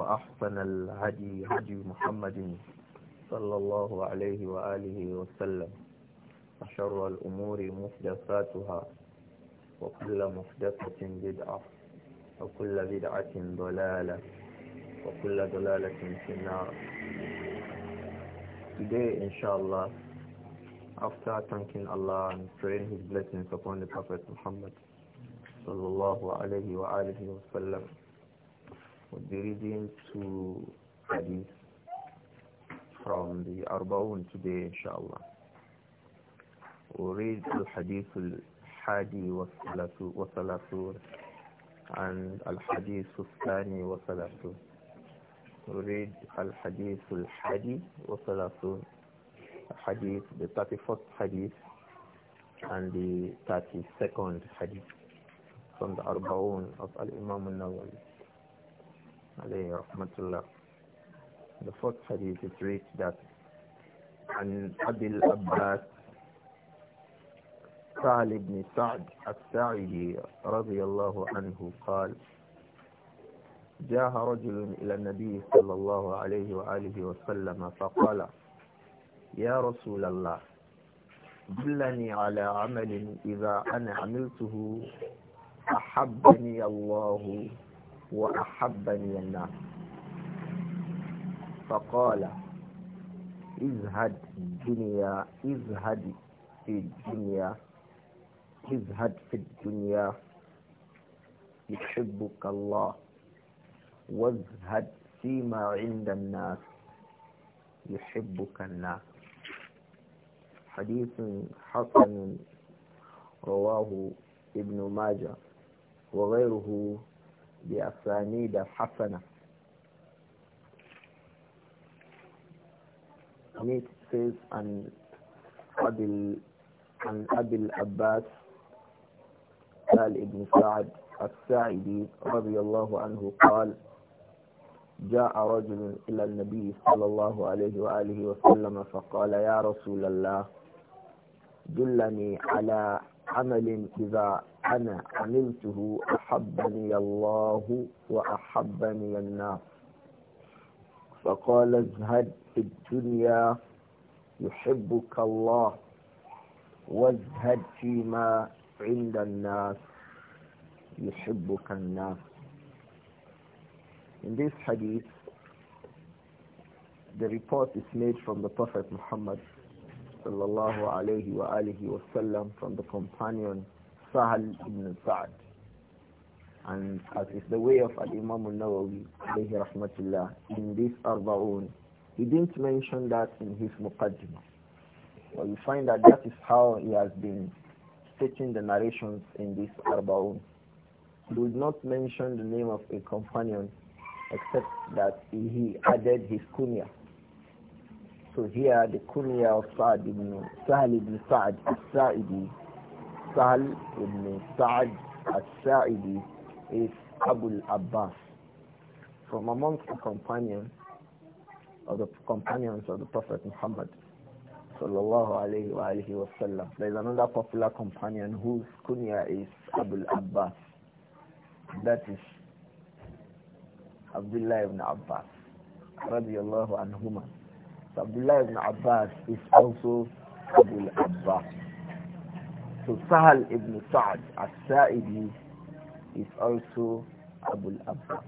وأحسن الهدي هدي محمد صلى الله عليه وآله وسلم وشر الأمور محدثاتها وكل محدثة بدعة وكل بدعة ضلالة وكل ضلالة في النار Today, inshallah, after thanking Allah and praying His blessings upon the Prophet Muhammad sallallahu alayhi wa alihi wa sallam, with the reading to hadith from the Arbaun today, inshallah. We'll read the hadith al-Hadi wa-Salatur and al-Hadith al-Thani wa-Salatur. We'll read al-Hadith al-Hadi wa-Salatur, hadith, the thirty-fourth hadith and the 32nd hadith from the Arbaun of Al-Imam al-Nawawi. عليه رحمة الله the fourth hadith is reached that عن أبي الأباس سعد بن سعد الساعدي رضي الله عنه قال جاء رجل إلى النبي صلى الله عليه وآله وسلم فقال يا رسول الله دلني على عمل إذا أنا عملته أحبني الله وأحبني الناس فقال ازهد الدنيا ازهد في الدنيا ازهد في الدنيا يحبك الله وازهد فيما عند الناس يحبك الناس حديث حسن رواه ابن ماجه وغيره بأسانيد حسنة It says عن Abil عن أبي العباس قال ابن سعد الساعدي رضي الله عنه قال جاء رجل إلى النبي صلى الله عليه وآله وسلم فقال يا رسول الله دلني على عمل إذا أنا عملته أحبني الله وأحبني الناس فقال ازهد في الدنيا يحبك الله وازهد فيما عند الناس يحبك الناس In this hadith, the report is made from the Prophet Muhammad sallallahu alayhi wa alihi from the companion Sahal ibn Sa'd. And as is the way of Al-Imam al-Nawawi, alayhi rahmatullah, in this Arba'un, he didn't mention that in his Muqaddimah. But you find that that is how he has been stating the narrations in this Arba'un. He would not mention the name of a companion except that he added his kunya so here the kunya of Sa'd ibn Sahl ibn Sa'd al-Sa'idi, Sahl ibn Sa'd al-Sa'idi is Abu abbas from amongst the companions of the companions of the Prophet Muhammad sallallahu alayhi wa alihi wa sallam. There is another popular companion whose kunya is Abu abbas That is Abdullah ibn Abbas radiallahu anhumah. So Abdullah ibn Abbas is also Abu Abbas. So Sahal ibn Sa'd al-Sa'idi is also Abu Abbas.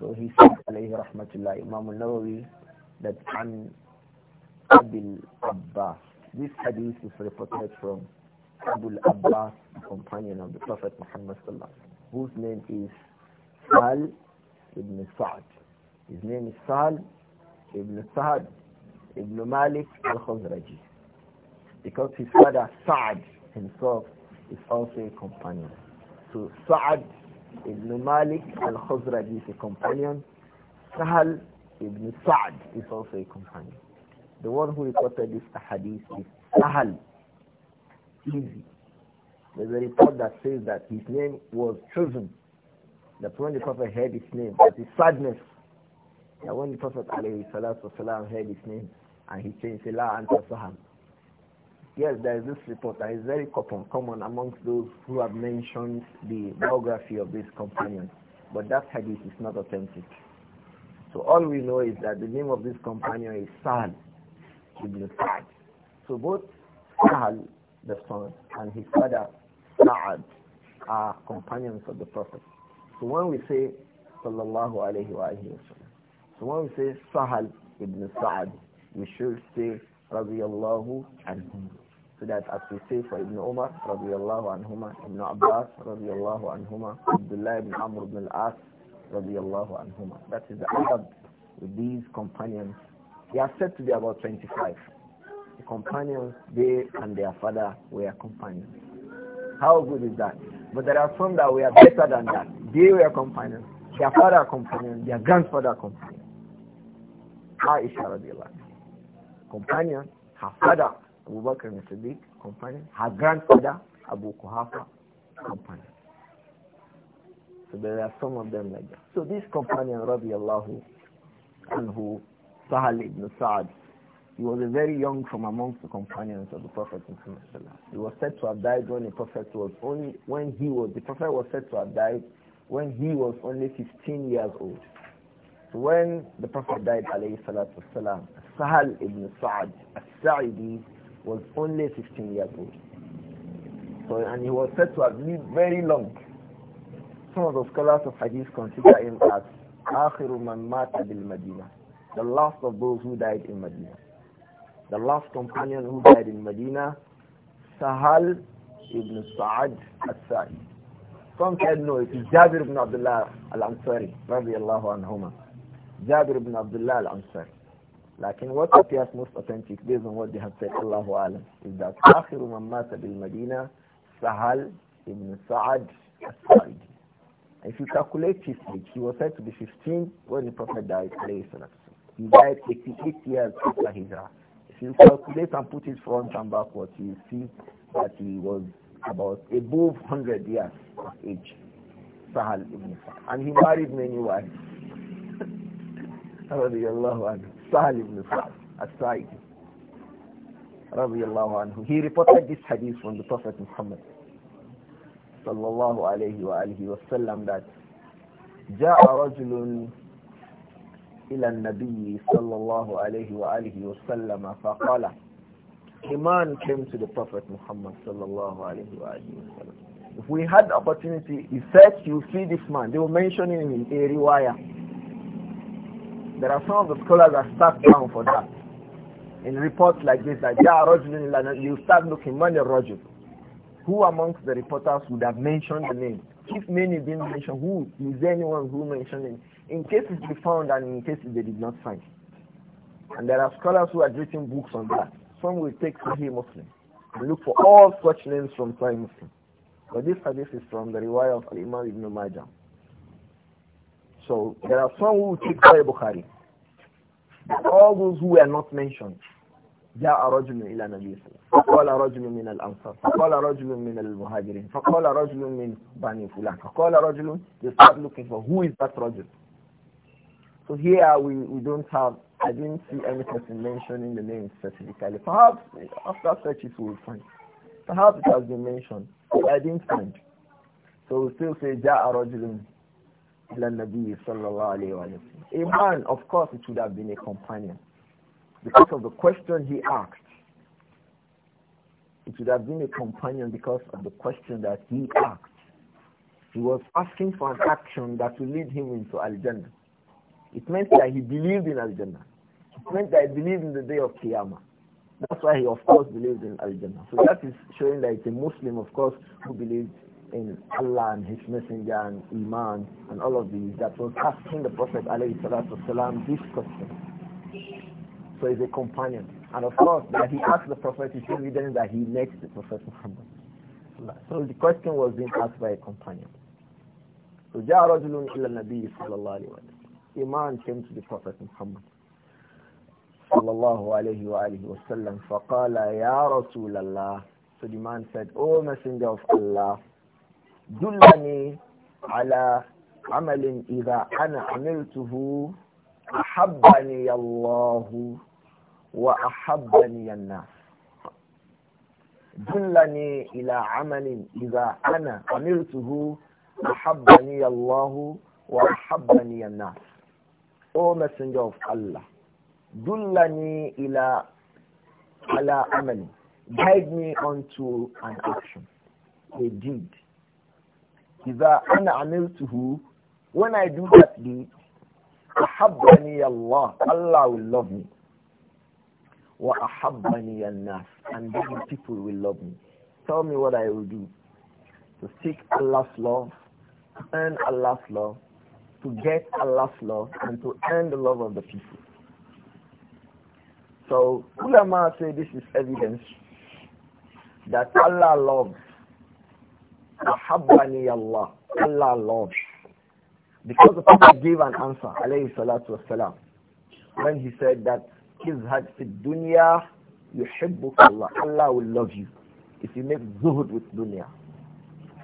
So he said, alayhi rahmatullah, Imam al-Nawawi, that an Abu Abbas. This hadith is reported from Abu Abbas, the companion of the Prophet Muhammad sallallahu whose name is Sal ibn Sa'd. His name is Sal Ibn Saad, Ibn Malik al-Khazraji. Because his father Saad himself is also a companion. So Saad Ibn Malik al-Khazraji is a companion. Sahal Ibn Saad is also a companion. The one who reported this hadith is Sahal. Easy. There's a report that says that his name was chosen. That when the Prophet heard his name, that his sadness that when the Prophet والسلام, heard his name and he changed La Anta Saham. Yes, there is this report that is very common, common amongst those who have mentioned the biography of this companion. But that hadith is not authentic. So all we know is that the name of this companion is Sahal ibn sa So both Sahal, the son, and his father, Sa'ad, are companions of the Prophet. So when we say, Sallallahu Alaihi Wasallam, so when we say Sahal ibn Sa'ad, we should say radiyallahu anhum. So that as we say for Ibn Umar radiyallahu anhuma, Ibn Abbas radiyallahu anhuma, Abdullah ibn Amr ibn al-As radiyallahu anhuma. That is the adab with these companions. They are said to be about 25. The companions, they and their father were companions. How good is that? But there are some that were better than that. They were companions. Their father companions. Their grandfather companions. Aisha radiallahu companion, her father Abu Bakr and Siddiq, companion, her grandfather Abu Kuhafa, companion. So there are some of them like that. So this companion radiallahu anhu, Sahal ibn Sa'ad, he was a very young from amongst the companions of the Prophet Muhammad He was said to have died when the Prophet was only, when he was, the Prophet was said to have died when he was only 15 years old when the Prophet died, alayhi Sahal ibn Sa'ad al-Sa'idi was only 16 years old. So, and he was said to have lived very long. Some of the scholars of hadith consider him as Akhiru man mata Medina, the last of those who died in Medina. The last companion who died in Medina, Sahal ibn Sa'ad al-Sa'idi. Some said no, it is Jabir ibn Abdullah al-Ansari, radiallahu anhumah. Jabir ibn Abdullah al-Ansari. Like in what appears most authentic based on what they have said, Allahu Alam, is that آخر من bil Medina, Sahal ibn Sa'ad al-Sa'idi. If you calculate his age, he was said to be 15 when the Prophet died. He died 88 years after Hijrah. If you calculate and put it front and what you see that he was about above 100 years of age. Sahal ibn Sa'ad. And he married many wives. رضي الله عنه Sahal ibn Sa'd as-Sa'idi رضي الله عنه he reported this hadith from the Prophet Muhammad صلى الله عليه وآله وسلم that جاء رجل إلى النبي صلى الله عليه وآله وسلم فقال A man came to the Prophet Muhammad sallallahu الله عليه If we had opportunity, he said, you see this man. They will mention him in a riwayah. There are some of the scholars that start down for that. In reports like this, that yeah, London. you start looking, man, Rajul. Who amongst the reporters would have mentioned the name? If many didn't mention, who is anyone who mentioned it? In cases they found and in cases they did not find. And there are scholars who have written books on that. Some will take Sahih Muslim and look for all such names from Sahih Muslim. But this hadith is from the riwayah of Al-Imam Ibn Majah. So there are some who take Sahih Bukhari. But all those who are not mentioned. جاء رجل إلى النبي صلى الله عليه وسلم فقال رجل من الأنصار فقال رجل من المهاجرين فقال رجل من بني فلان فقال رجل they start looking for who is that رجل So here we, we don't have I didn't see any person mentioning the name specifically. Perhaps after searches we will find. Perhaps it has been mentioned, but I didn't find. So we still say جاء رجل Nabi sallallahu alayhi wa A man, of course, it would have been a companion. Because of the question he asked, it would have been a companion because of the question that he asked. He was asking for an action that will lead him into Al-Jannah. It meant that he believed in Al-Jannah. It meant that he believed in the day of Qiyamah. That's why he, of course, believed in Al-Jannah. So that is showing that it's a Muslim, of course, who believes in Allah and His Messenger and Iman and all of these that was asking the Prophet والسلام, this question. So he's a companion. And of course, that he asked the Prophet is evident that he met the Prophet Muhammad. So the question was being asked by a companion. So جاء رجل إلى النبي صلى الله عليه وسلم. Iman came to the Prophet Muhammad صلى الله عليه وآله وسلم فقال يا رسول الله So the man said, O Messenger of Allah, dullani ala amalin idha ana amiltuhu ahabbani Allahu wa ahabbani an dullani ila amalin idha ana amiltuhu ahabbani Allahu wa ahabbani an O messenger of Allah dullani ila ala amalin guide me onto an action a deed إذا أنا عملته when I do that deed أحبني الله Allah will love me وأحبني الناس and then people will love me tell me what I will do to seek Allah's love earn Allah's love to get Allah's love and to earn the love of the people so ulama say this is evidence that Allah loves Ahabbani Allah. Allah loves. Because the Prophet gave an answer, alayhi salatu wasalam, when he said that had fit dunya yuhibbuk Allah. Allah will love you if you make zuhud with dunya.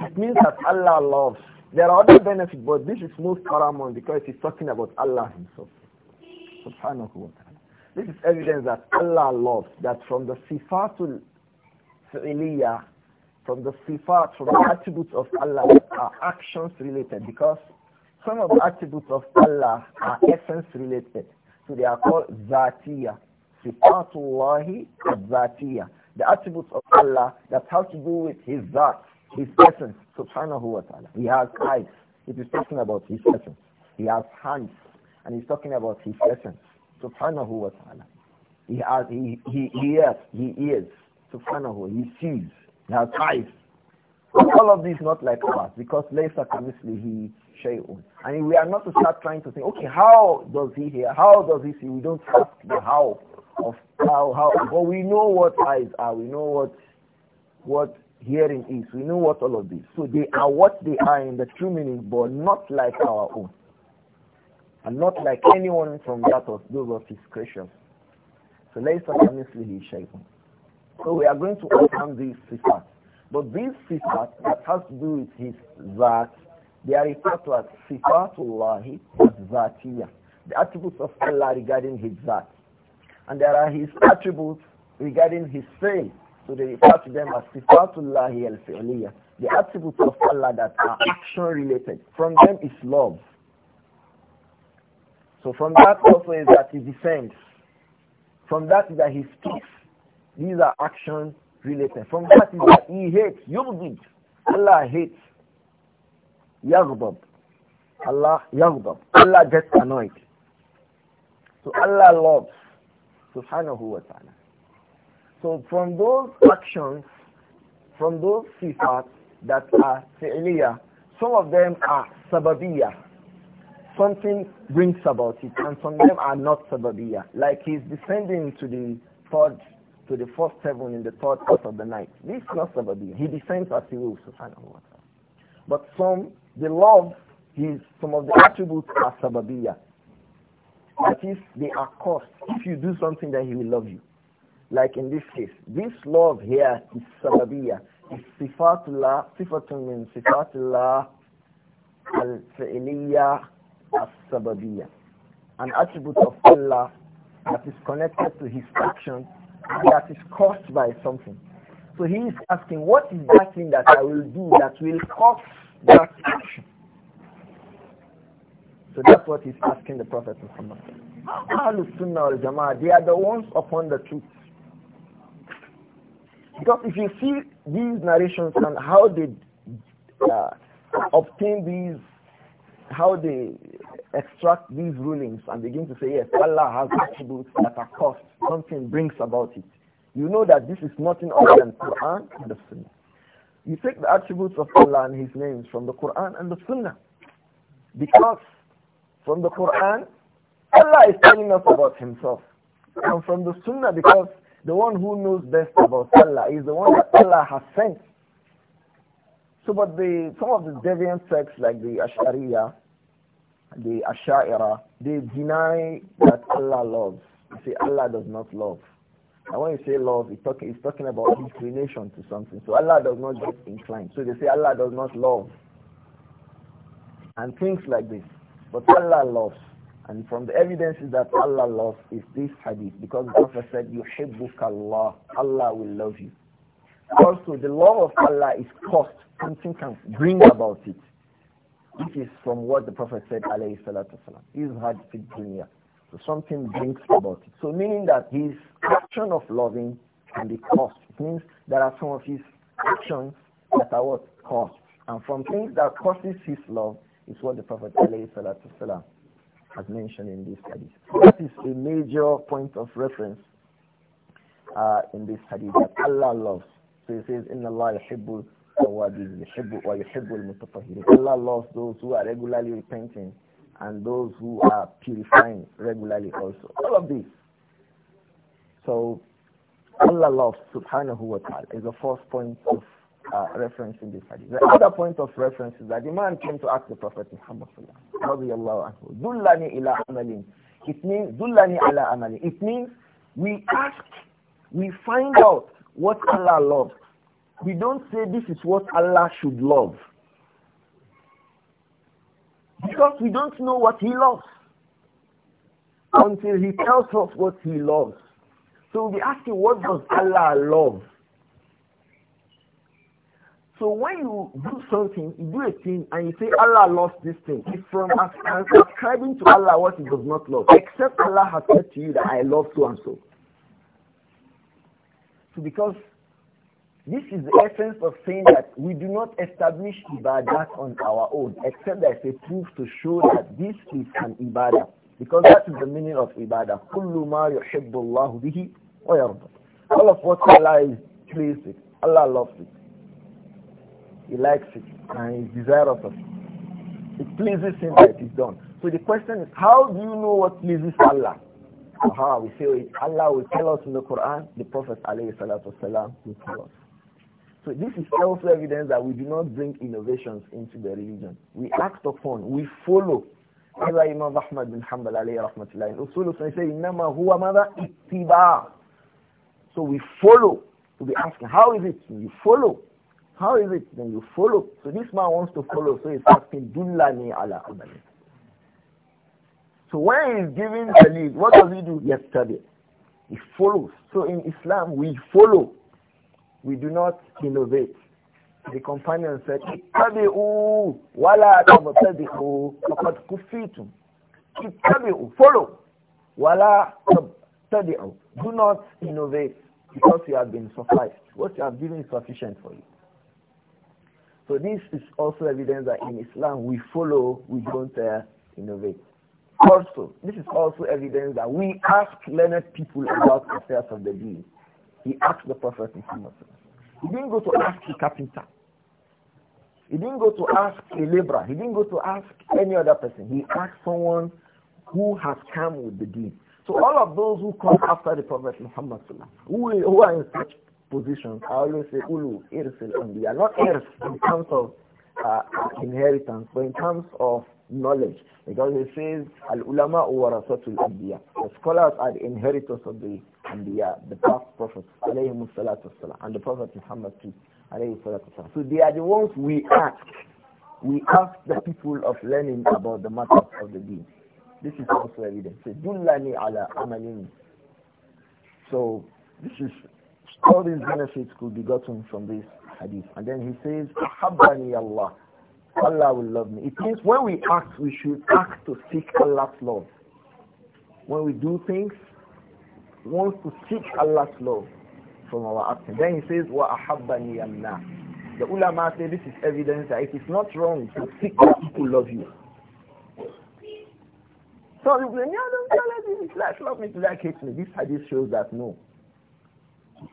It means that Allah loves. There are other benefits, but this is most paramount because he's talking about Allah himself. Subhanahu wa ta'ala. This is evidence that Allah loves, that from the sifatul fi'liyah from the sifat, from the attributes of Allah are actions related because some of the attributes of Allah are essence related. So they are called zatiya. Sifatullahi zatiya. The attributes of Allah that have to do with His zat, His essence, subhanahu wa ta'ala. He has eyes. It is talking about His essence. He has hands. And he's talking about His essence, subhanahu wa ta'ala. He has, he, he hears, he hears, subhanahu, he sees her tithes. all of this not like ours because Laysa Kamislihi Shay'un. And we are not to start trying to think, okay, how does he hear? How does he see? We don't ask the how of how, how. But we know what eyes are. We know what, what hearing is. We know what all of this. So they are what they are in the true meaning, but not like our own. And not like anyone from that of those of his creation. So Laysa Kamislihi Shay'un. So we are going to understand these sifat. But these sifat that has to do with his zat, they are referred to as sifatullahi zatiyah. The attributes of Allah regarding his zat. And there are his attributes regarding his faith. So they refer to them as sifatullahi al-fi'liyah. The attributes of Allah that are action related. From them is love. So from that also is that he descends. From that is that he speaks. These are actions related. From that is that he hates, yubdid. Allah hates. Yaghdab. Allah yaghdab. Allah gets annoyed. So Allah loves. Subhanahu wa ta'ala. So from those actions, from those sifat that are fi'liyah, some of them are sababiyah. Something brings about it, and some of them are not sababiyah. Like he's descending to the third to the first heaven in the third part of the night. This is not Sabbathiyah. He descends as he wills, But some, the love, his, some of the attributes are Sabbathiyah. That is, they are caused. If you do something, then he will love you. Like in this case, this love here is Sabbathiyah. It's sifatullah, sifatun min sifatullah al-fi'liyah as sababiyah An attribute of Allah that is connected to his actions that is caused by something. So he is asking, what is that thing that I will do that will cause that action? So that's what he's asking the Prophet Muhammad. Ahlul Sunnah al Jama'ah, they are the ones upon the truth. Because if you see these narrations and how they uh, obtain these, how they extract these rulings and begin to say, yes, Allah has attributes that are caused. Something brings about it. You know that this is nothing other than Quran and the Sunnah. You take the attributes of Allah and His names from the Quran and the Sunnah. Because from the Quran, Allah is telling us about Himself. And from the Sunnah, because the one who knows best about Allah is the one that Allah has sent. So, but the, some of the deviant sects like the Ash'ariyah, the Asha'ira, they deny that Allah loves. They say Allah does not love. And when you say love, it's talking, it's talking about inclination to something. So Allah does not get inclined. So they say Allah does not love. And things like this. But Allah loves. And from the evidences that Allah loves is this hadith. Because the Prophet said, book Allah. Allah will love you. Also, the love of Allah is cost. Something can bring about it. This is from what the Prophet said, alayhi salatu is Izhad fi dunya. So something brings about it. So meaning that his action of loving can be caused. It means there are some of his actions that are what? Caused. And from things that causes his love is what the Prophet alayhi salatu has mentioned in this hadith. That is a major point of reference uh, in this hadith that Allah loves. So he says, "Inna Allah Allah loves those who are regularly repenting and those who are purifying regularly also. All of these. So Allah loves subhanahu wa ta'ala is the first point of uh, reference in this hadith. The other point of reference is that the man came to ask the Prophet Muhammad sallallahu dullani ila It means dullani ala It means we ask, we find out what Allah loves we don't say this is what Allah should love. Because we don't know what He loves until He tells us what He loves. So we'll be asking, what does Allah love? So when you do something, you do a thing, and you say Allah loves this thing, it's from ascribing to Allah what He does not love, except Allah has said to you that I love so and so. So because this is the essence of saying that we do not establish ibadah on our own, except as a proof to show that this is an ibadah. Because that is the meaning of ibadah. كُلُّ مَا يُحِبُّ اللَّهُ بِهِ All of what Allah is pleased with, Allah loves it. He likes it and He desires of it. It pleases Him that it is done. So the question is, how do you know what pleases Allah? Aha, we say it. Oh, Allah will tell us in the Quran, the Prophet ﷺ will tell us. So this is also evidence that we do not bring innovations into the religion. We act upon, we follow. As Imam Ahmad huwa mada So we follow. we be asking, how is it? You follow. How is it? Then you follow. So this man wants to follow, so he's asking, Dullani ala So when he's giving the lead, what does he do? Yesterday. He follows. So in Islam, we follow we do not innovate. The companion said, wala kufitum. follow. Wala Do not innovate because you have been sufficed. What you have given is sufficient for you. So this is also evidence that in Islam we follow, we don't uh, innovate. Also, this is also evidence that we ask learned people about affairs of the deen. He asked the Prophet Muhammad. He didn't go to ask a carpenter. He didn't go to ask a laborer. He didn't go to ask any other person. He asked someone who has come with the deed. So all of those who come after the Prophet Muhammad who, who are in such positions, I always say ulu, irsil, and they are not heirs in terms of uh, inheritance, but in terms of knowledge. Because it says, Al-ulama warasatul anbiya. The scholars are the inheritors of the anbiya, the past prophets, alayhimus salatu wasalam, and the Prophet Muhammad too, alayhi salatu wasalam. So they are the ones we ask. We ask the people of learning about the matters of the deen. This is also evident. So, dullani ala amalin. So, this is, all these benefits could be gotten from this hadith. And then he says, أحبني Allah. Allah will love me. It means when we act, we should act to seek Allah's love. When we do things, we want to seek Allah's love from our actions. Then he says, Wa ahabbani Allah. The ulama say this is evidence that it is not wrong to seek that people love you. So you say, no, don't tell us this. Like, love me to like hate me. This hadith shows that no.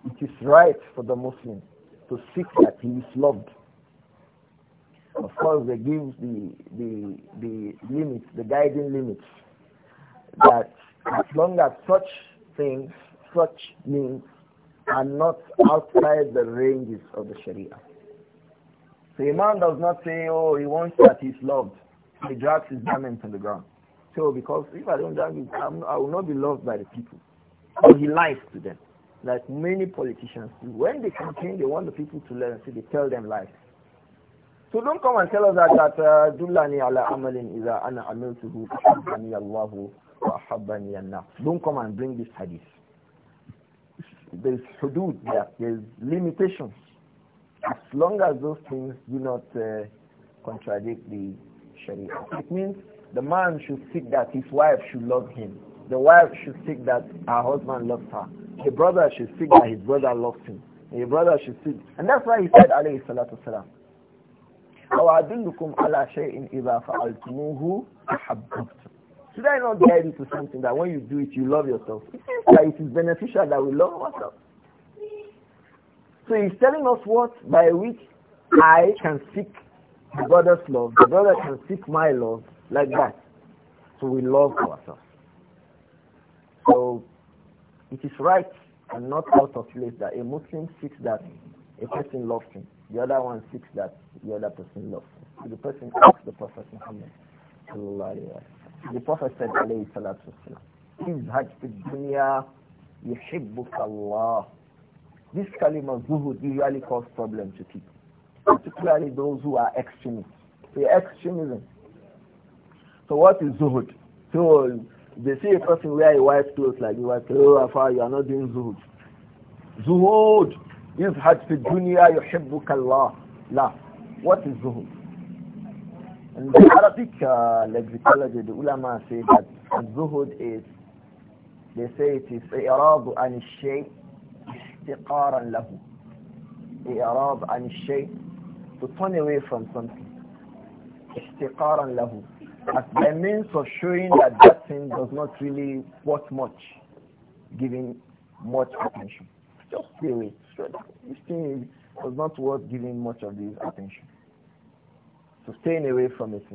It is right for the Muslim to seek that he is loved. Of course, they give the, the, the limits, the guiding limits, that as long as such things, such means, are not outside the ranges of the Sharia. So a man does not say, oh, he wants that he's loved. He drags his garment on the ground. So because if I don't drag it, i will not be loved by the people. So he lies to them. Like many politicians do. When they campaign, they want the people to learn, so they tell them lies. So don't come and tell us that that uh, dullani ala amalin iza ana amiltuhu ahabbani Allahu wa ahabbani anna. Don't come and bring this hadith. There's hudud there. There's limitations. As long as those things do not uh, contradict the Sharia. It means the man should seek that his wife should love him. The wife should seek that her husband loves her. The brother should seek that his brother loves him. The brother should seek. And that's why he said, alayhi salatu salam, أو أدلكم على شيء إذا فعلتموه أحببتم Should I not guide you to something that when you do it, you love yourself? It seems that it is beneficial that we love ourselves. So he's telling us what by which I can seek the brother's love, the brother can seek my love, like that. So we love ourselves. So it is right and not out of place that a Muslim seeks that a person loves him. The other one seeks that the other person loves. So the person asks the Prophet Muhammad. The Prophet said, alayhi salatu wasalam, dunya yuhibbuka Allah. This kalima zuhud usually causes problems to people, particularly those who are extremists. The extremism. So what is zuhud? So they see a person wear a white clothes like you are, oh, Afa, you are not doing zuhud. Zuhud! يزهد في الدنيا يحبك الله لا what is zuhud in the Arabic uh, lexicology the ulama say that zuhud is they say it is إعراض عن الشيء احتقارا له إعراض عن الشيء to turn away from something احتقارا له as a means of showing that that thing does not really worth much giving much attention just stay away this thing was not worth giving much of this attention. So staying away from it.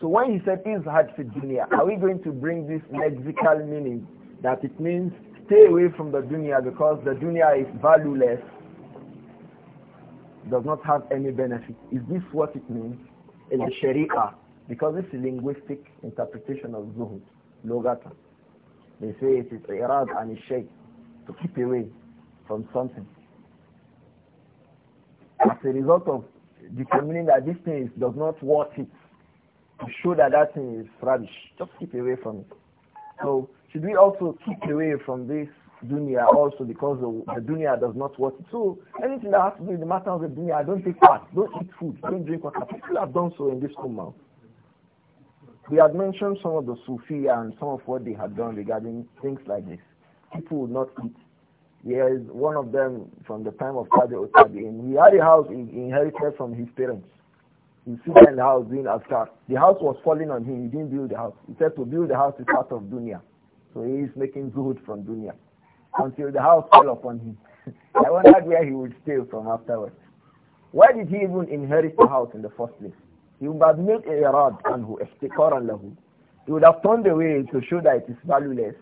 So when he said is hard for dunya, are we going to bring this lexical meaning that it means stay away from the dunya because the dunya is valueless, does not have any benefit? Is this what it means in the Sharia? Because it's a linguistic interpretation of zuhud, logata. They say it is irad and shaykh to keep away, from something. As a result of determining that this thing is, does not worth it, to show that that thing is rubbish, just keep away from it. So should we also keep away from this dunya also because the, dunya does not worth it. So anything that has to do with the matter of the dunya, don't take part, don't eat food, don't drink water. People have done so in this Ummah. We had mentioned some of the Sufi and some of what they had done regarding things like this. People would not eat is one of them from the time of Otabi, and He had a house he inherited from his parents. He sat in the house doing Azkar. The house was falling on him. He didn't build the house. He said to build the house is part of dunya. So he is making good from dunya. Until the house fell upon him. I wondered where he would stay from afterwards. Why did he even inherit the house in the first place? He would have made a rod and who lahu. He would have turned away to show that it is valueless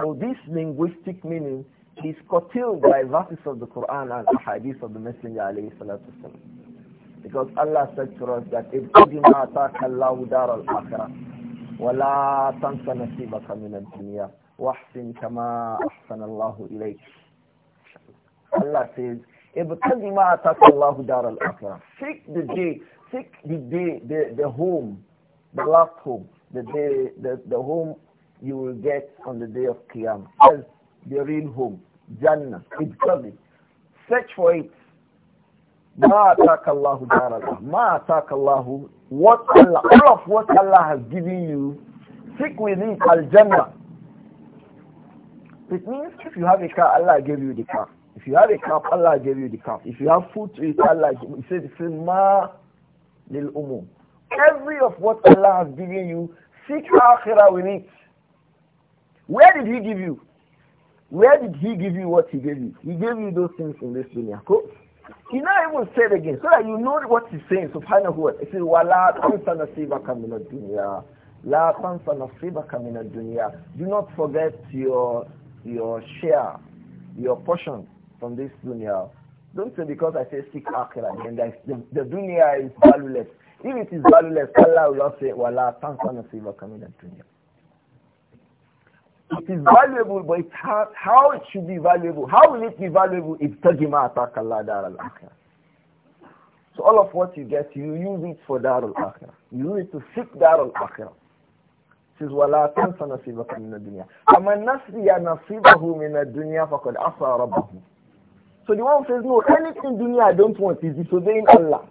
so this linguistic meaning is curtailed by verses of the Quran and hadith of the Messenger alayhi salatu Because Allah said to us that if Qadima ataka Allahu dar al-akhirah wa la من الدنيا وحسن كما dunya الله kama Allahu ilayk. Allah says, ابتغي ما اتاك الله دار الاخره seek the day seek the day the, the home the last home the day the, the home you will get on the day of Qiyam. That's the real home, Jannah. It's coming. Search for it. Ma atakallahu darallah. Ma atakallahu. What Allah, all of what Allah has given you, seek within al-Jannah. It means if you have a car, Allah gave you the car. If you have a cup, Allah gave you the cup. If you have food to eat, Allah gave you. He says, ma lil umum. Every of what Allah has given you, seek akhirah with it. Where did he give you? Where did he give you what he gave you? He gave you those things in this dunya. He now even said again, so that you know what he's saying, subhanahu wa ta'ala. He says, وَلَا تَنْسَ نَصِيبَكَ مِنَ الدُّنْيَا لَا تَنْسَ نَصِيبَكَ مِنَ الدُّنْيَا Do not forget your, your share, your portion from this dunya. Don't say because I say seek akhirah, then the, the dunya is valueless. If it is valueless, Allah will not say, وَلَا تَنْسَ نَصِيبَكَ dunya.'" It is valuable, but it's how, how it should be valuable. How will it be valuable if Tajima attack Allah Dar al So all of what you get, you use it for darul akhirah. You use it to seek darul akhirah. -akhir. This is وَلَا تَنْسَ نَصِيبَكَ مِنَ الدُّنْيَا فَمَنْ نَسْيَ نَصِيبَهُ مِنَ الدُّنْيَا فَقَدْ عَصَى رَبَّهُ So the one says, no, anything dunya I don't want is disobeying Allah.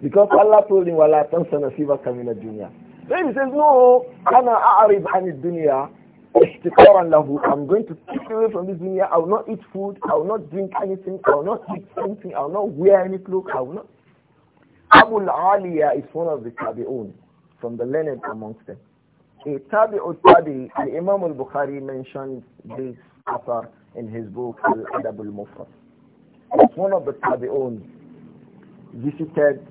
Because Allah told him, وَلَا تَنْسَ نَصِيبَكَ مِنَ الدُّنْيا Then he says, no, أَنَا أَعْرِضْ عَنِ الدُّنْيَا I'm going to keep away from this dunya I will not eat food I will not drink anything I will not eat anything I will not wear any clothes I will not Abu Aliyah is one of the tabi'un from the learned amongst them a tabi'u tabi Imam al-Bukhari mentioned this author in his book Al-Adab al-Mufrad one of the tabi'un visited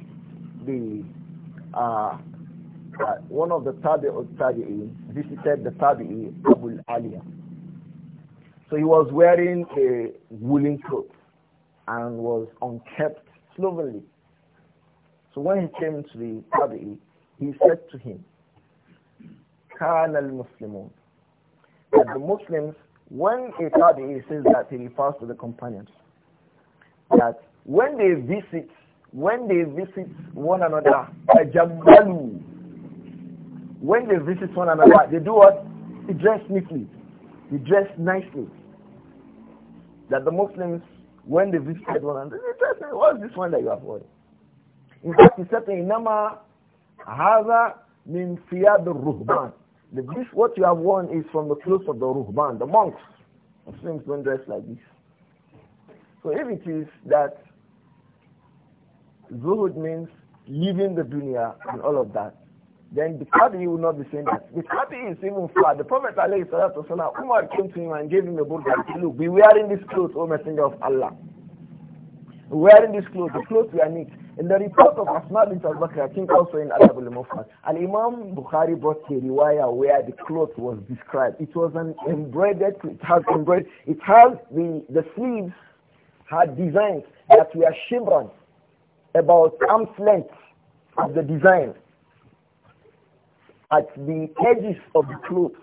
the uh, uh, one of the tabi'ut tabi'in visited the Tabi'i, Abu Aliya. So he was wearing a woolen coat and was unkempt, slovenly. So when he came to the Tabi'i, he said to him, al-Muslimun," that the Muslims, when a Tabi'i says that, he refers to the companions. That when they visit, when they visit one another, تَجَمَّلُوا when they visit one another, they do what? They dress neatly. They dress nicely. That the Muslims, when they visited one another, they dress nicely. What's this one that you have worn? In fact, he said, Inama haza min fiyad ruhban. This, what you have worn is from the clothes of the ruhban, the monks. Muslims don't dress like this. So if it is that zuhud means leaving the dunya and all of that, then the Qadi will not be saying that. The Qadi is even flat. The Prophet Umar came to him and gave him a book and said, look, be wearing this clothes, O Messenger of Allah. Wearing this clothes, the clothes we are neat. In the report of Asma bint al-Bakr, I think also in Al al-Mufrad, Al-Imam Bukhari brought a riwayah where the cloth was described. It was an embroidered, it has embroidered, it has the, the sleeves had designs that were shimran, about arm's length of the design at the edges of the clothes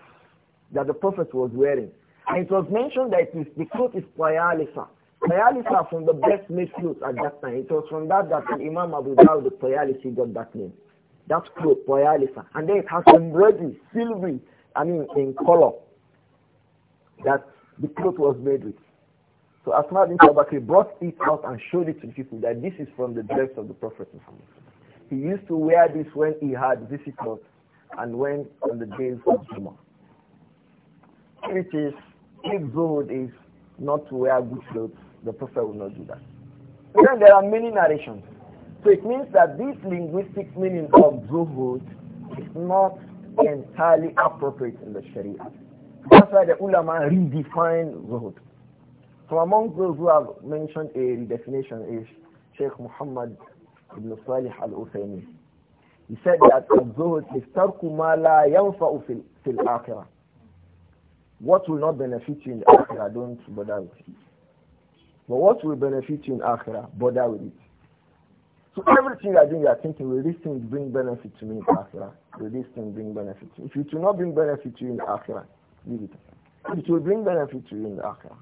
that the Prophet was wearing. And it was mentioned that the cloth is Tayalisa. Tayalisa from the best made clothes at that time. It was from that that Imam Abu Dawud the Tayalisi got that name. That cloth, Tayalisa. And then it has embroidery, silvery, I mean in color, that the cloth was made with. So Asma bin Tabakri brought it out and showed it to the people that this is from the dress of the Prophet Muhammad. He used to wear this when he had visitors and went on the day of Juma. It is, if Zuhud is not to wear good clothes, the Prophet will not do that. Then there are many narrations. So it means that this linguistic meaning of Zuhud is not entirely appropriate in the Sharia. That's why the ulama redefine Zuhud. So among those who have mentioned a redefinition is Sheikh Muhammad ibn Salih al Uthaymi. He said that الزهد is ترك ما لا ينفع في, في الآخرة. What will not benefit you in the Akhirah, don't bother with it. But what will benefit you in Akhirah, bother with it. So everything you are doing, you are thinking, will this thing bring benefit to me in Akhirah? Will this thing bring benefit to me? If it will not bring benefit to you in Akhirah, leave it. If it will bring benefit to you in Akhirah,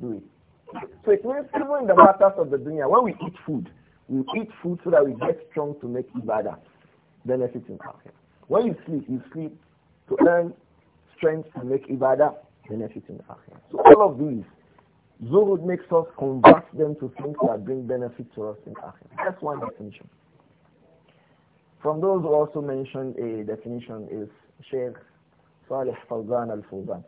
do it. So it means even in the matters of the dunya, when we eat food, we eat food so that we get strong to make ibadah benefits in akhirah. When you sleep, you sleep to earn strength to make ibadah benefit in akhirah. So all of these, zuhud makes us convert them to things that bring benefit to us in akhirah. That's one definition. From those who also mentioned a definition is Sheikh Salih Fawzan Al-Fawzan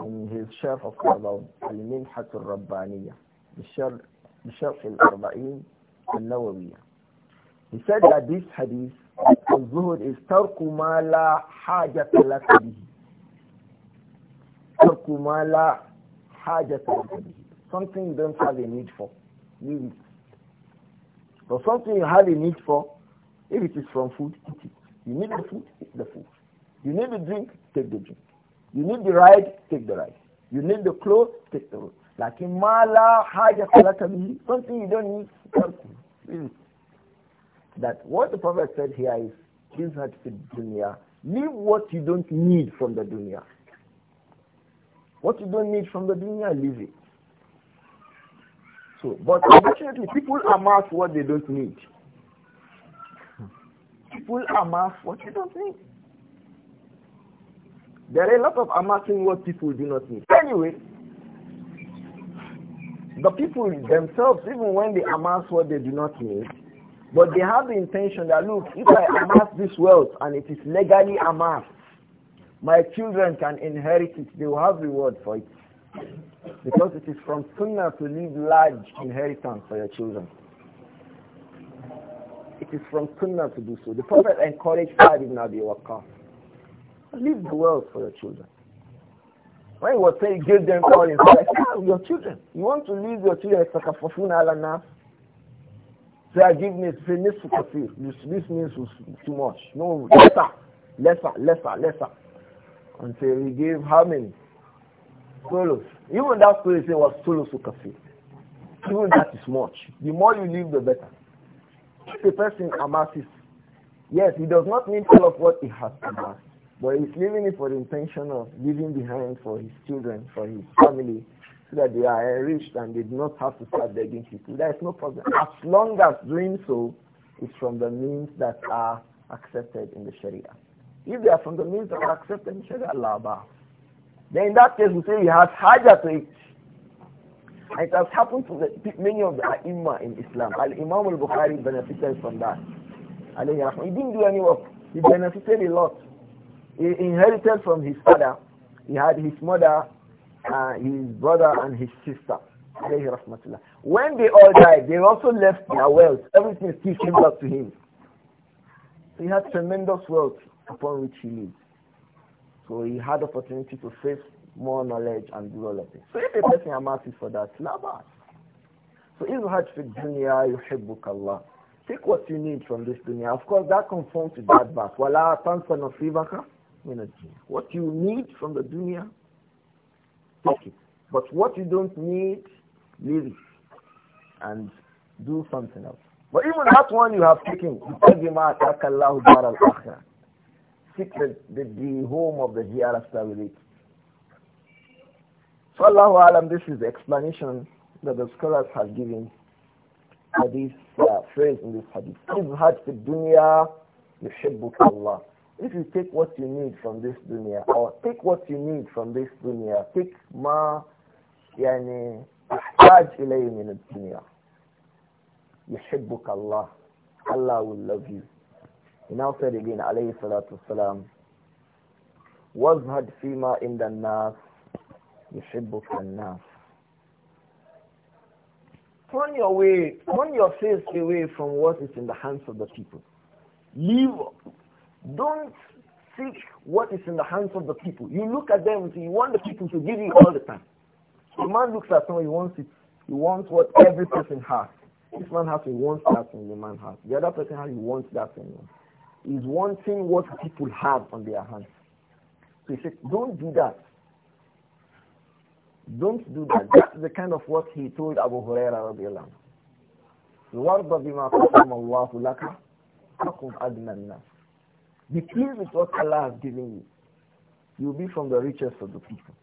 in his Sharh of Qardawn, Al-Minhat the rabbaniyah Sharh Al-Arba'in Al-Nawawiyah. He said that this hadith الزهد is ترك ما لا حاجة لك به ترك ما لا حاجة لك به something you don't have a need for leave it but something you have a need for if it is from food eat it you need the food eat the food you need the drink take the drink you need the ride take the ride you need the clothes take the clothes لكن ما لا حاجة لك به something you don't need ترك leave it that what the Prophet said here is, please have to dunya. Leave what you don't need from the dunya. What you don't need from the dunya, leave it. So, but unfortunately, people amass what they don't need. People amass what they don't need. There are a lot of amassing what people do not need. Anyway, the people themselves, even when they amass what they do not need, but they have the intention that, look, if I amass this wealth and it is legally amassed, my children can inherit it. They will have reward for it. Because it is from sunnah to leave large inheritance for your children. It is from sunnah to do so. The Prophet encouraged Sa'd ibn Abi Leave the wealth for your children. When he was saying, give them all in ah, your children. You want to leave your children, it's like a fafuna ala nafs forgiveness, forgiveness, kafir. This, this means too much. No, lesser, lesser, lesser, lesser. Until he gave how many? Solos. Even that story say was solos kafir. Even that is much. The more you live, the better. If a person amasses, yes, he does not mean all of what he has amassed, but he's leaving it for the intention of leaving behind for his children, for his family, so that they are enriched and they do not have to start begging people. There is no problem. As long as doing so is from the means that are accepted in the Sharia. If they are from the means that are accepted in Sharia, Allah Then in that case, we say he has hajjah to it. It has happened to the, many of the ai in Islam. Al-Imam al-Bukhari benefited from that. He didn't do any work. He benefited a lot. He inherited from his father. He had his mother uh, his brother and his sister. When they all died, they also left their wealth. Everything still came back to him. He had tremendous wealth upon which he lived. So he had opportunity to save more knowledge and do all of this. So if a person amasses for that, not bad. So izhaj fi dunya yuhibbuk Allah. Take what you need from this dunya. Of course, that conforms to that verse. Wala tansa nasibaka What you need from the dunya, take it. But what you don't need, leave it and do something else. But even that one you have taken, seek the, the, the home of the hereafter with it. So Allahu Alam, this is the explanation that the scholars have given for this uh, phrase in this hadith. dunya Allah. If you take what you need from this dunya, or take what you need from this dunya, take ma yani أحتاج إليه من الدنيا يحبك الله Allah Allah will love you. He now said again, alayhi salatu wasalam, وَازْهَدْ فِي مَا إِنْدَ النَّاسِ يُحِبُّكَ النَّاسِ Turn your way, turn your face away from what is in the hands of the people. Leave don't seek what is in the hands of the people. You look at them, you want the people to give you all the time. The man looks at someone, he wants it. He wants what every person has. This man has, he wants that thing the man has. The other person has, he wants that thing. He's wanting what people have on their hands. So he said, don't do that. Don't do that. That's the kind of what he told Abu Huraira radiallahu anhu. بِمَا قَسَمَ اللَّهُ لَكَ أَدْنَى النَّاسِ be pleased with what Allah has given you. You'll be from the richest of the people.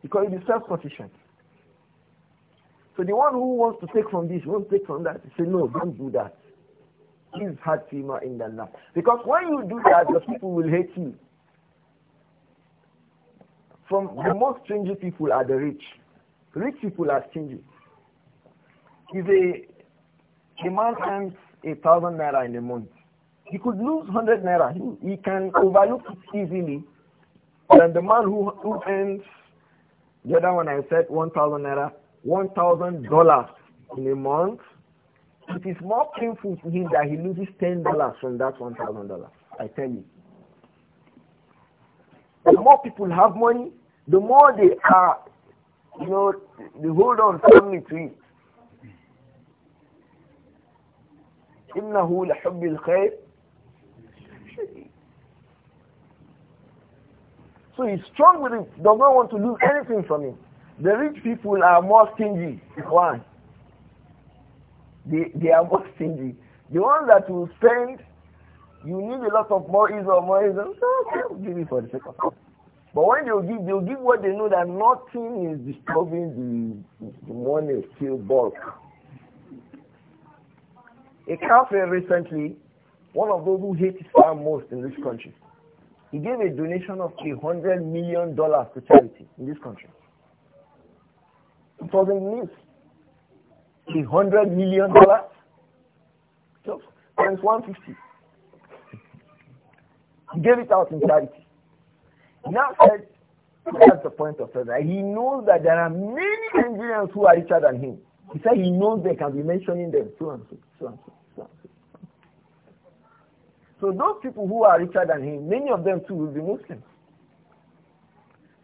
Because you'll be self-sufficient. So the one who wants to take from this, wants to take from that, he say, no, don't do that. Please hurt fema in the land. Because when you do that, the people will hate you. From the most stingy people are the rich. Rich people are stingy. If a, a man earns a thousand naira in a month, he could lose 100 naira. He, he can overlook it easily. Then the man who, who earns, the other one I said 1,000 naira, $1,000 in a month, it is more painful to him that he loses $10 from that $1,000. I tell you. The more people have money, the more they are, you know, they hold on firmly to it. إنه لحب الخير So he's strong with it, does not want to lose anything from it. The rich people are more stingy. Why? They, they are more stingy. The ones that will spend, you need a lot of more ease or more ease. Okay, give it for the sake of But when they'll give, they'll give what they know that nothing is disturbing the, the money still bulk. A cafe recently, one of those who hate Islam most in this country, he gave a donation of $100 million to charity in this country. It was in news. $100 million times 150. He gave it out in charity. Now said, that's the point of that. He knows that there are many Nigerians who are richer than him. He said he knows they can be mentioning them, so and so, so and so. So those people who are richer than him, many of them too will be Muslims.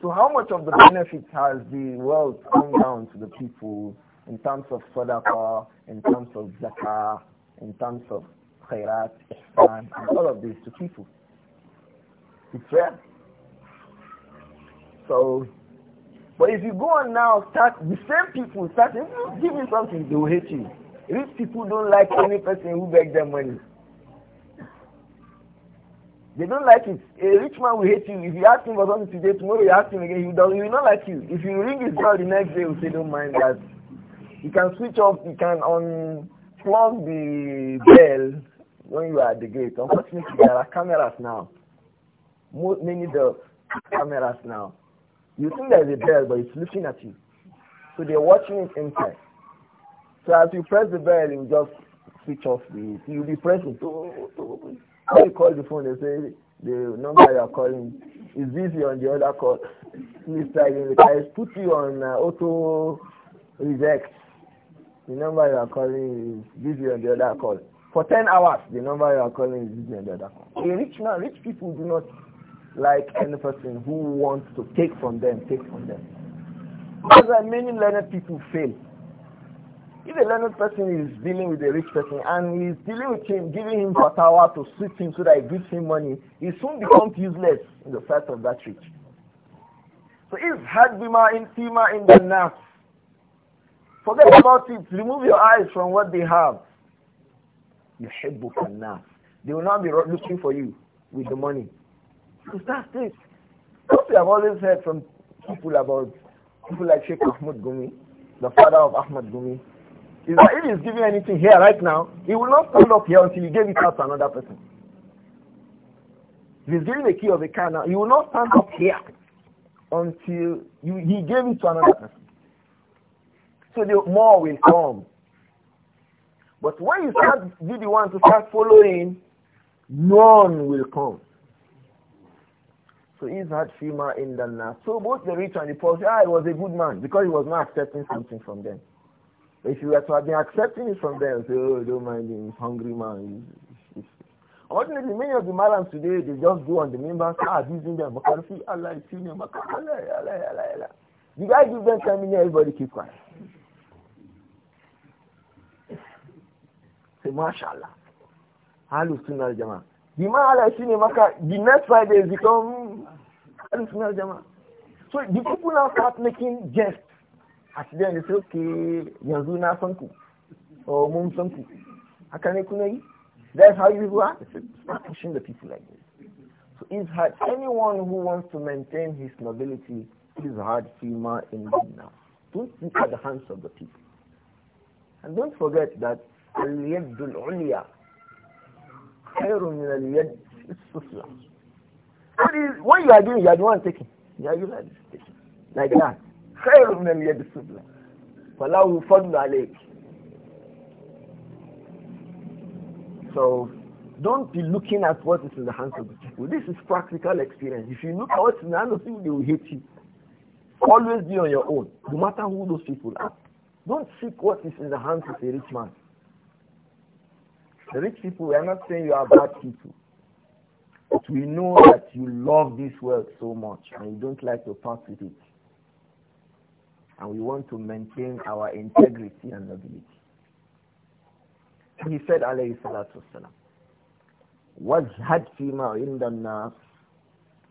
So how much of the benefits has the world come down to the people in terms of sadaqah, in terms of zakah, in terms of khairat, ihsan, and all of this to people? It's rare. So, but if you go on now, start the same people start if you give me something, they will hate you. Rich people don't like any person who beg them money. They don't like it. A rich man will hate you. If you ask him for something today, tomorrow you ask him again, he will, he will not like you. If you ring his bell the next day, he will say, don't mind that. You can switch off, you can unplug the bell when you are at the gate. Unfortunately, there are cameras now. many the cameras now. You think there is a bell, but it's looking at you. So they're watching it inside. So as you press the bell, you just switch off the, you'll be pressing. When you call the phone, they say the number you are calling is busy on the other call. Please try again. I put you on uh, auto reject. The number you are calling is busy on the other call. For 10 hours, the number you are calling is busy on the other call. A rich man, rich people do not like any person who wants to take from them, take from them. Because many learned people fail. If a learned person is dealing with a rich person and he's dealing with him, giving him power to sweep him so that he gives him money, he soon becomes useless in the sight of that rich. So if had bima in fima in the nafs, forget about it. Remove your eyes from what they have. You Yuhibbu nas. They will not be looking for you with the money. Because that's it. What we have always heard from people about people like Sheikh Ahmad Gumi, the father of Ahmad Gumi, is that if he's giving anything here right now, he will not stand up here until he gave it out to another person. If he's giving the key of a car now, he will not stand up here until you, he gave it to another person. So the more will come. But when you start be the one to start following, none will come. So he's had Shema in the Nas. So both the rich and the poor say, ah, he was a good man because he was not accepting something from them. If you were to have been accepting it from them, say, oh, don't mind him, he's hungry man. Ordinarily, many of the malams today, they just go on the member, start abusing ah, them. Makarfi, Allah, is senior, them. Allah, Allah, Allah, Allah. The guy gives them 10 million, everybody keep quiet. Say, mashallah. Halu Sunnah Jama. The man Allah, is senior him. The next Friday, become Halu Sunnah Jama. So the people now start making jest at the end yanzu na san ku or oh, mun san ku haka ne kuna yi that's how you are it's not pushing the people like this so it's hard anyone who wants to maintain his nobility is hard female in them now don't look at the hands of the people and don't forget that اليد العليا خير من اليد السفلى What is, what you are doing, you are the one taking. You are the one Like that. خير من اليد السفلى فله فضل عليك So don't be looking at what is in the hands of the people. This is practical experience. If you look at what's in the hands of people, they will hate you. Always be on your own, no matter who those people are. Don't seek what is in the hands of a rich man. The rich people, we are not saying you are bad people. But we know that you love this world so much and you don't like to part with it and we want to maintain our integrity and nobility. He said, alayhi salatu wasalam, in fima indannas,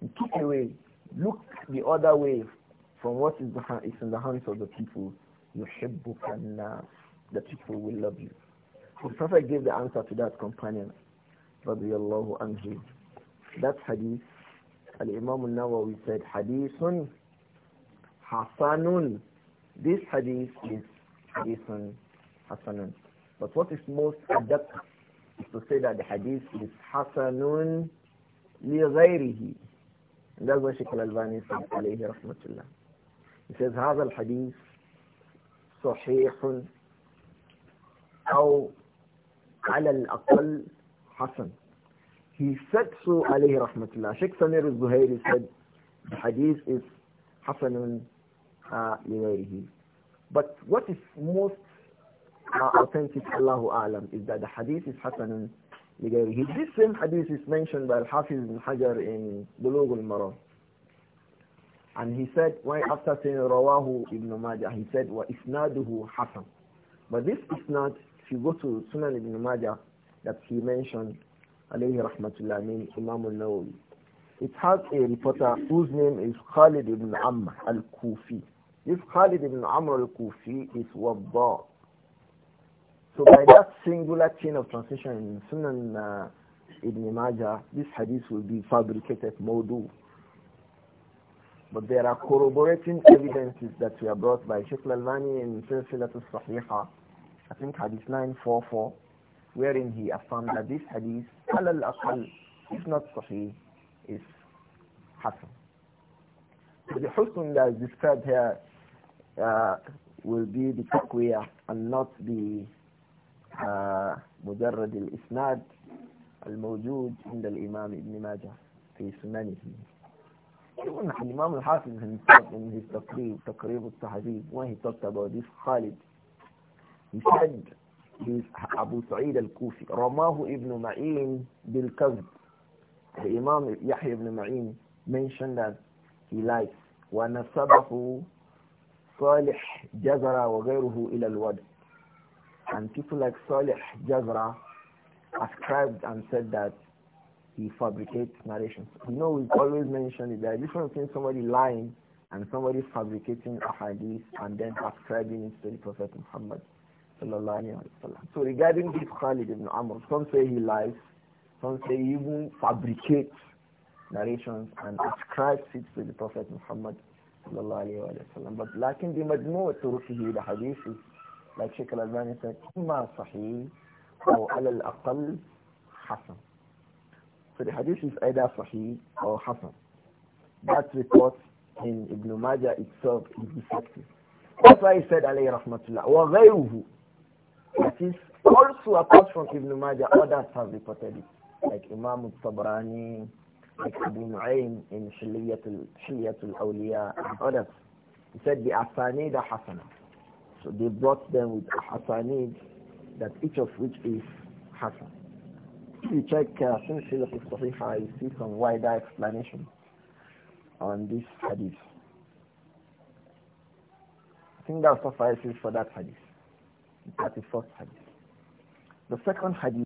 keep away, look the other way from what is, in the hands of the people. Yuhibbuka nas, the people will love you. The Prophet gave the answer to that companion, radiallahu anhu. That hadith, Al-Imam al-Nawawi said, hadithun hasanun this hadith is hadithun hasanun. But what is most adept is to say that the hadith is hasanun li ghayrihi. And that's what Sheikh al-Albani said, alayhi rahmatullah. He says, هذا الحديث صحيح أو على الأقل حسن. He said so, alayhi rahmatullah. Sheikh Samir al-Zuhairi said, the hadith is حسن uh, but what is most uh, authentic, Allahu Alam, is that the hadith is Hassan لغيره This same hadith is mentioned by Al-Hafiz ibn Hajar in Bulugh al-Maram. And he said, why after saying Rawahu ibn Majah, he said, wa isnaduhu Hasan. But this is not. if you go to Sunan ibn Majah, that he mentioned, alayhi rahmatullah, mean Imam al-Nawawi. It has a reporter whose name is Khalid ibn Amr al-Kufi. This Khalid ibn Amr al-Kufi is Wadda. So by that singular chain of transmission in Sunan uh, Ibn Majah, this hadith will be fabricated modu. But there are corroborating evidences that were brought by Sheikh Lalvani in Silsilat al-Sahiha, I think hadith 944, wherein he affirmed that this hadith, halal aqal, if not sahih, is hasan. So the husn that is described here uh, will be the taqwiyah and not the مجرد الإسناد الموجود عند الإمام ابن ماجه في سننه even Imam al-Hafiz himself in his Taqrib, Taqrib al when he talked about this Khalid, he said, he's Abu Sa'id al-Kufi, Ramahu ibn Ma'in bil Kazb. Imam Yahya ibn Ma'in mentioned that he lies. وَنَسَبَهُ Salih Jazara And people like Salih Jazara ascribed and said that he fabricates narrations. You know, we always mentioned it. There are different things somebody lying and somebody fabricating a hadith and then ascribing it to the Prophet Muhammad. So regarding this Khalid ibn Amr, some say he lies, some say he even fabricates narrations and ascribes it to the Prophet Muhammad صلى الله عليه وسلم but لكن بمجموع طرقه لحديثه like Sheikh Al-Albani said إما صحيح أو على الأقل حسن so the hadith is either صحيح or حسن that report in Ibn Majah itself is defective that's why he said عليه رحمة الله وغيره that is also apart from Ibn Majah others have reported it like Imam al-Tabrani Abu Nu'aym in Shiliyatul Shiliyatul Awliya and others. He said the Asanid are Hasana. So they brought them with Hasanid that each of which is Hasan. If you check uh, Sinsilah al-Sahiha, you see some wider explanation on this hadith. I think that suffices for that hadith, the is first hadith. The second hadith